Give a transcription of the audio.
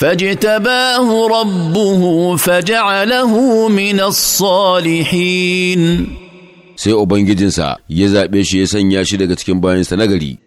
hu فاجتباه ربه فجعله mina الصالحين sai Ubangijinsa ya zaɓe shi ya sanya shi daga cikin bayansa nagari.